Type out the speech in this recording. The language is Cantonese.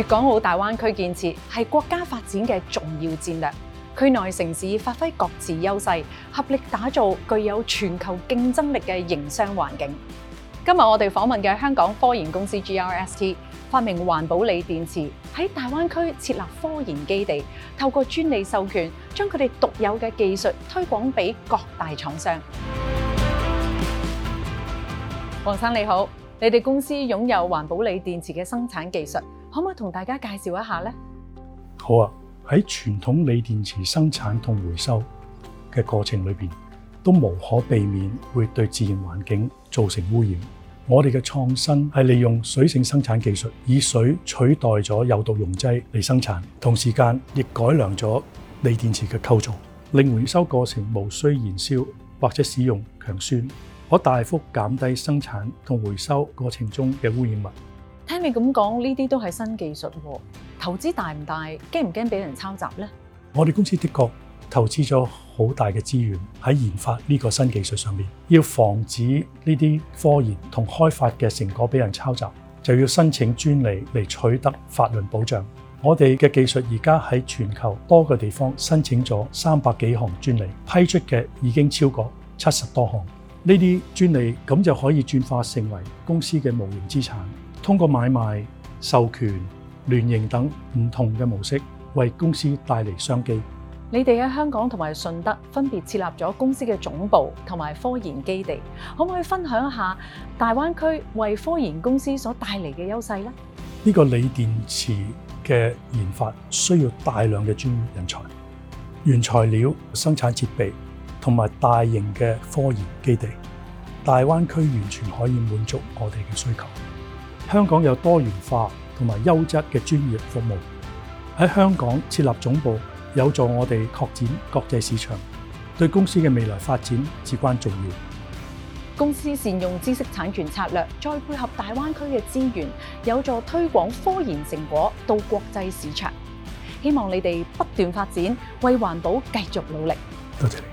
粵港澳大灣區建設係國家發展嘅重要戰略，區內城市發揮各自優勢，合力打造具有全球競爭力嘅營商環境。今日我哋訪問嘅香港科研公司 GRST，發明環保鋰電池，喺大灣區設立科研基地，透過專利授權，將佢哋獨有嘅技術推廣俾各大廠商王。王生你好，你哋公司擁有環保鋰電池嘅生產技術。可唔可以同大家介紹一下呢？好啊！喺傳統鋰電池生產同回收嘅過程裏邊，都無可避免會對自然環境造成污染。我哋嘅創新係利用水性生產技術，以水取代咗有毒溶劑嚟生產，同時間亦改良咗鋰電池嘅構造，令回收過程無需燃燒或者使用強酸，可大幅減低生產同回收過程中嘅污染物。聽你咁講，呢啲都係新技術，投資大唔大？驚唔驚俾人抄襲呢？我哋公司的確投資咗好大嘅資源喺研發呢個新技術上面，要防止呢啲科研同開發嘅成果俾人抄襲，就要申請專利嚟取得法律保障。我哋嘅技術而家喺全球多個地方申請咗三百幾項專利，批出嘅已經超過七十多項。呢啲專利咁就可以轉化成為公司嘅無形資產。通過買賣、授權、聯營等唔同嘅模式，為公司帶來商機。你哋喺香港同埋順德分別設立咗公司嘅總部同埋科研基地，可唔可以分享一下大灣區為科研公司所帶嚟嘅優勢咧？呢個鋰電池嘅研發需要大量嘅專業人才、原材料、生產設備同埋大型嘅科研基地，大灣區完全可以滿足我哋嘅需求。香港有多元化同埋優質嘅專業服務，喺香港設立總部有助我哋擴展國際市場，對公司嘅未來發展至關重要。公司善用知識產權策略，再配合大灣區嘅資源，有助推廣科研成果到國際市場。希望你哋不斷發展，為環保繼續努力。多謝你。